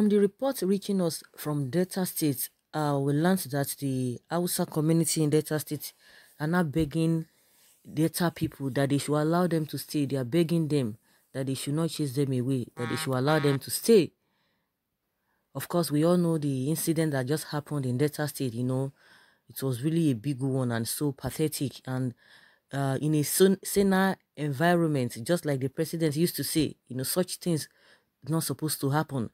From the reports reaching us from Delta State, uh, we learned that the Hausa community in Delta State are now begging Delta people that they should allow them to stay. They are begging them that they should not chase them away, that they should allow them to stay. Of course, we all know the incident that just happened in Delta State, you know, it was really a big one and so pathetic and uh, in a saner environment, just like the president used to say, you know, such things not supposed to happen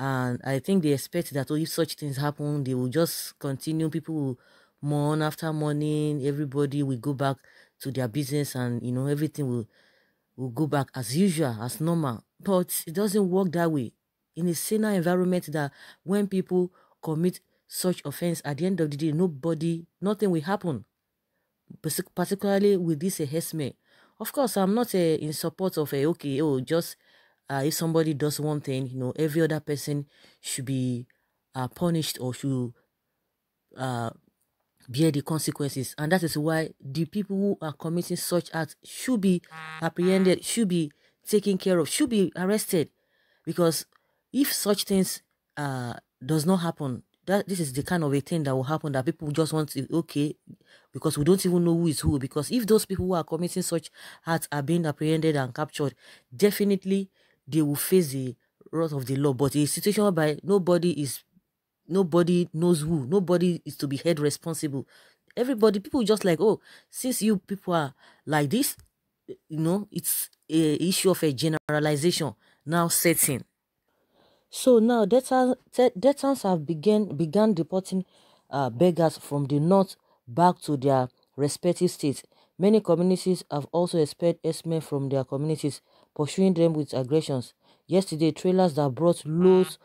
and I think they expect that oh, if such things happen, they will just continue. People will mourn after morning, Everybody will go back to their business, and you know everything will will go back as usual, as normal. But it doesn't work that way. In a saner environment, that when people commit such offense, at the end of the day, nobody, nothing will happen. particularly with this a uh, Of course, I'm not uh, in support of a uh, eh, okay, oh, just uh, if somebody does one thing, you know, every other person should be uh, punished or should uh, bear the consequences. And that is why the people who are committing such acts should be apprehended, should be taken care of, should be arrested. Because if such things uh, does not happen, that this is the kind of a thing that will happen that people just want to okay because we don't even know who is who because if those people who are committing such acts are being apprehended and captured definitely they will face the wrath of the law. But a situation whereby nobody is, nobody knows who, nobody is to be held responsible. Everybody, people just like, oh, since you people are like this, you know, it's a issue of a generalization now setting. So now debtors have began began deporting uh, beggars from the north back to their respective states. Many communities have also expelled S-men from their communities pursuing them with aggressions. Yesterday, trailers that brought loads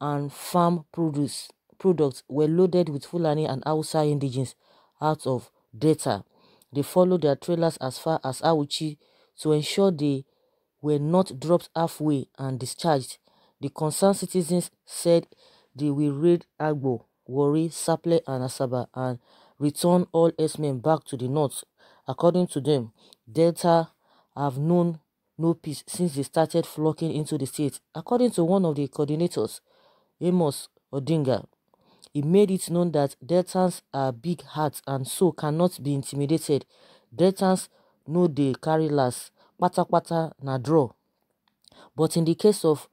and farm produce products were loaded with Fulani and Hausa indigenes out of data. They followed their trailers as far as Auchi to ensure they were not dropped halfway and discharged. The concerned citizens said they will raid Agbo, Wari, Saple, and Asaba and return all S-men back to the north. According to them, Delta have known no peace since they started flocking into the state. According to one of the coordinators, Amos Odinga, he made it known that Deltans are big hearts and so cannot be intimidated. Deltans know they carry last, pata pata na draw. But in the case of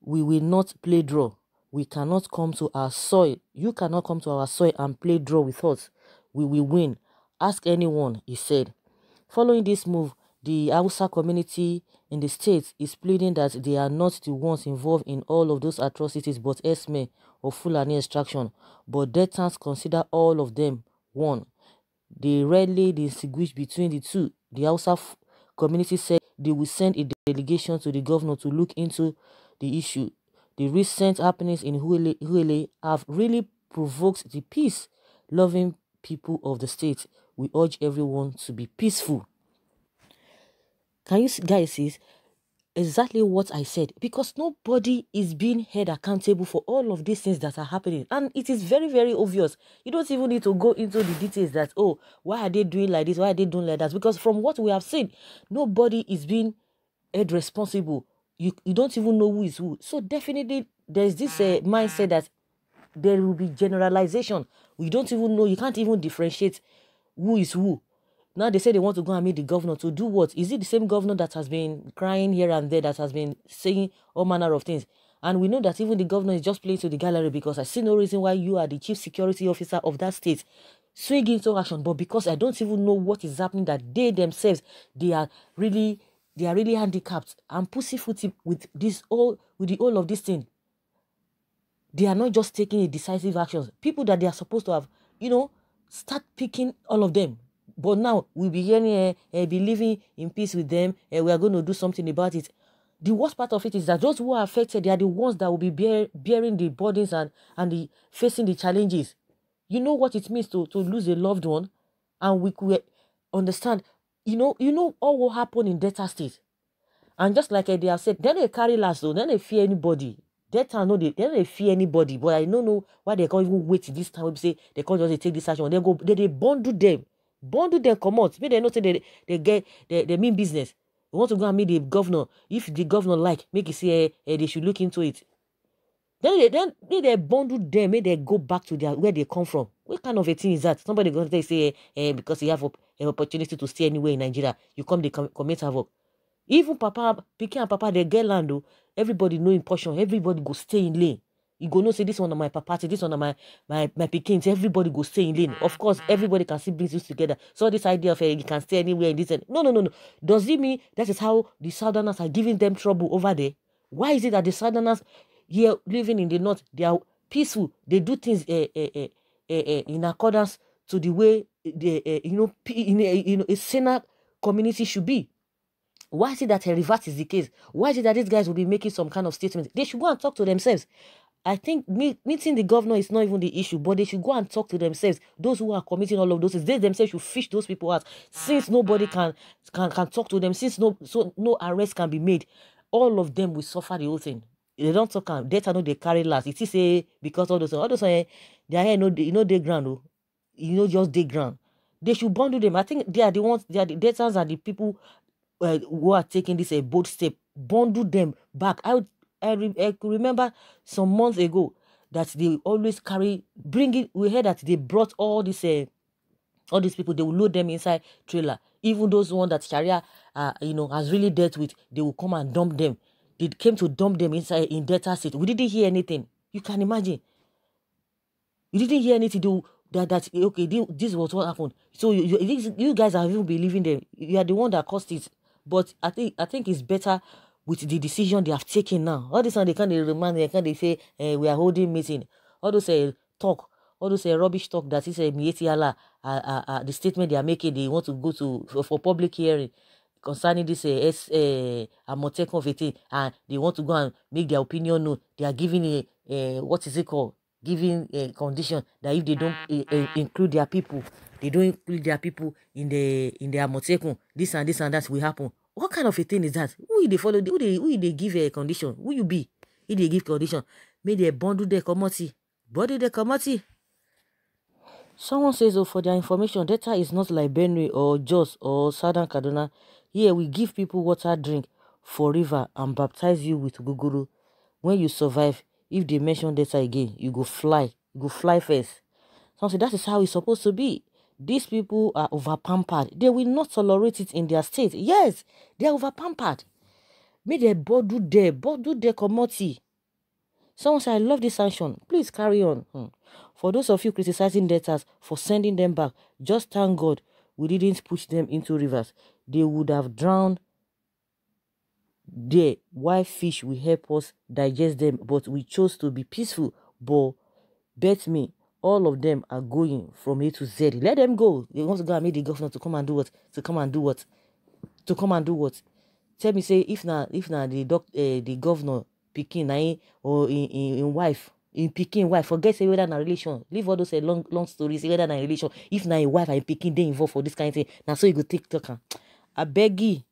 we will not play draw, we cannot come to our soil. You cannot come to our soil and play draw with us. We will win. Ask anyone, he said. Following this move, the Hausa community in the state is pleading that they are not the ones involved in all of those atrocities but Esme or Fulani extraction, but detents consider all of them one. They rarely distinguish between the two. The Hausa community said they will send a delegation to the governor to look into the issue. The recent happenings in Huele, have really provoked the peace-loving people of the state. We urge everyone to be peaceful. Can you guys see exactly what I said? Because nobody is being held accountable for all of these things that are happening. And it is very, very obvious. You don't even need to go into the details that, oh, why are they doing like this? Why are they doing like that? Because from what we have seen, nobody is being held responsible. You, you don't even know who is who. So definitely there's this uh, mindset that there will be generalization. We don't even know, you can't even differentiate who is who now they say they want to go and meet the governor to do what? Is it the same governor that has been crying here and there, that has been saying all manner of things? And we know that even the governor is just playing to the gallery because I see no reason why you are the chief security officer of that state swing into action. But because I don't even know what is happening, that they themselves they are really they are really handicapped and pussyfooting with this all with the all of this thing. They are not just taking decisive actions. People that they are supposed to have, you know, start picking all of them but now we'll be hearing, uh, uh, be living in peace with them, and uh, eh, we are going to do something about it. The worst part of it is that those who are affected, they are the ones that will be bear, bearing the burdens and, and the, facing the challenges. You know what it means to, to lose a loved one, and we could understand, you know, you know all what happened in Delta State. And just like they have said, then they carry last, so then they fear anybody. That time, no, they, they don't fear anybody, but I don't know why they can't even wait this time. We say they can't just take this action. They go, they, they bundle them bundle come out. make they know say they they get they mean business we want to go and meet the governor. if the governor like make e say hey, eh, eh, they should look into it then they make they bundle them. make they go back to their where they come from what kind of a thing is that somebody going to say hey, eh, because you have an opportunity to stay anywhere in nigeria you come committee commit havoc even papa pikin and papa they get land o oh. everybody know in portion everybody go stay in lane you go no say this one of my papati, this one of my my my pickings. Everybody go stay in lane. Of mm-hmm. course, mm-hmm. everybody can see brings together. So this idea of uh, you can stay anywhere in this end. no no no no. Does it mean that is how the southerners are giving them trouble over there? Why is it that the southerners here living in the north they are peaceful? They do things uh, uh, uh, uh, in accordance to the way the uh, you know in a, you know a saner community should be. Why is it that a reverse is the case? Why is it that these guys will be making some kind of statement? They should go and talk to themselves. I think meet, meeting the governor is not even the issue, but they should go and talk to themselves. Those who are committing all of those things, they themselves should fish those people out. Since nobody can can can talk to them, since no so no arrest can be made, all of them will suffer the whole thing. They don't talk and data they carry last. It is a because all those all those they are here no you know they ground oh, you know just they ground. They should bundle them. I think they are the ones they are the datans and the people uh, who are taking this a eh, bold step. Bundle them back. I would I, re, I remember some months ago that they always carry bringing. We heard that they brought all these uh, all these people. They will load them inside trailer. Even those one that Sharia, uh, you know, has really dealt with, they will come and dump them. They came to dump them inside in that State. We didn't hear anything. You can imagine. You didn't hear anything. Do that that eh, okay this was what happened so you, you, you guys are even believing them you are the one that caused it but i think i think it's better with the decision they have taken now. All this and they can they remind they can they say eh, we are holding meeting. All those uh, talk, all those uh, rubbish talk that is a uh, uh, uh, the statement they are making they want to go to for, for public hearing concerning this uh, S, uh, Amotekon 15 and they want to go and make their opinion known. They are giving a, a what is it called? Giving a condition that if they don't include their people, they don't include their people in the in the Amotekon, this and this and that will happen what kind of a thing is that who they follow who they who they give a condition who you be e they give condition make dem bundle dem Bond body the comot someone says oh for their information delta is not like benue or jos or southern kaduna here we give people water drink for river and baptize you with gogoro when you survive if they mention delta again you go fly you go fly first so that is how it's supposed to be these people are overpampered. They will not tolerate it in their state. Yes, they are overpampered. May they bodu de, bodu de commodity. Someone said, I love this sanction. Please carry on. Hmm. For those of you criticizing debtors for sending them back, just thank God we didn't push them into rivers. They would have drowned there. Why fish will help us digest them, but we chose to be peaceful. But bet me, all of them are going from A to Z. Let them go. They want to go and meet the governor to come and do what? To come and do what? To come and do what? Tell me, say if now, if now the doc uh, the governor picking na or in, in, in wife in picking wife forget say whether na relation leave all those uh, long long stories say whether na relation if now a wife and picking they involved for this kind of thing Now so you go take talk am abeg you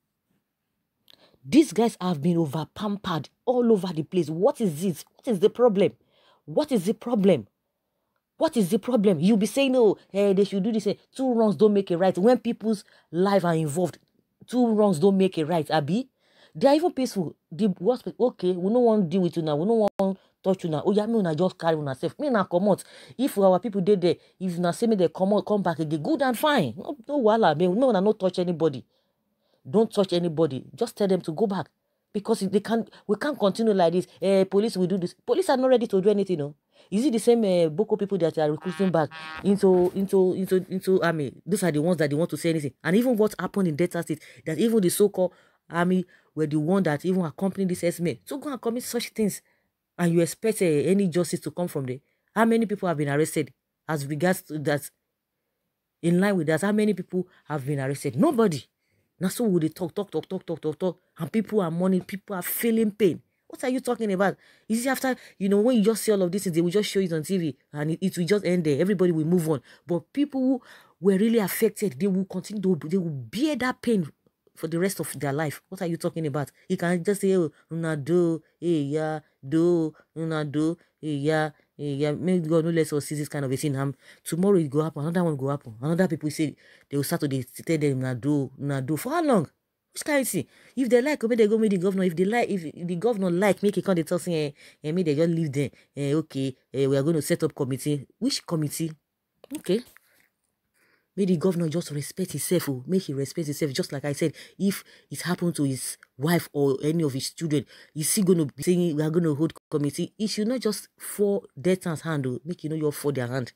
these guys have been over pampered all over the place what is this? what is the problem what is the problem what is the problem? You'll be saying, oh, hey, they should do this. Two wrongs don't make a right. When people's lives are involved, two wrongs don't make a right, Abby. They are even peaceful. The worst, okay, we don't want to deal with you now. We don't want touch you now. Oh, yeah, me una just carry on safe. Me now come out. If our people did there, if you say me they come out, come back again, good and fine. No, no wala, me no una no touch anybody. Don't touch anybody. Just tell them to go back because they can. We can't continue like this. Eh, police will do this. Police are not ready to do anything, no. Oh. Is it the same uh, Boko people that are recruiting back into into into into army? Those are the ones that they want to say anything. And even what happened in Delta State, that even the so-called army were the one that even accompanied this s So go and commit such things, and you expect uh, any justice to come from there. How many people have been arrested as regards to that? In line with that, how many people have been arrested? Nobody. Now so would they talk, talk, talk, talk, talk, talk, talk, and people are mourning, people are feeling pain. What are you talking about? Is it after, you know, when you just see all of this, they will just show it on TV and it, it will just end there. Everybody will move on. But people who were really affected, they will continue, they will, they will bear that pain for the rest of their life. What are you talking about? You can just say, oh, do, hey, eh, yeah, do, Ronaldo, hey, eh, yeah, hey, yeah. May God no let us see this kind of a thing. Um, tomorrow it go happen, another one go happen. Another people say, they will start to they tell them, Ronaldo, do. For how long? clarity if they like maybe they go meet the governor if they like, the governor like make e they tell talk say eh, eh maybe they just leave dem eh okay eh we are going to set up committee which committee okay Maybe governor just respect himself o oh. make he respect himself just like i said if it happened to his wife or any of his children is he going to be saying we are going to hold committee e should not just fall dead hands hand o oh. make know you just for their hand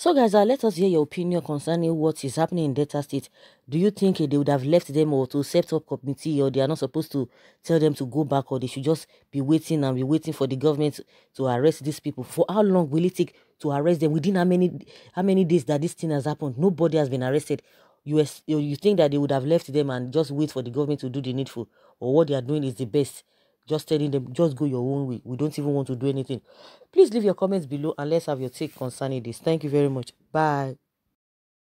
so guys, uh, let us hear your opinion concerning what is happening in Delta State. Do you think uh, they would have left them or to set up committee or they are not supposed to tell them to go back or they should just be waiting and be waiting for the government to arrest these people? For how long will it take to arrest them? Within how many how many days that this thing has happened? Nobody has been arrested. You, you think that they would have left them and just wait for the government to do the needful or what they are doing is the best just telling them just go your own way we don't even want to do anything please leave your comments below and let's have your take concerning this thank you very much bye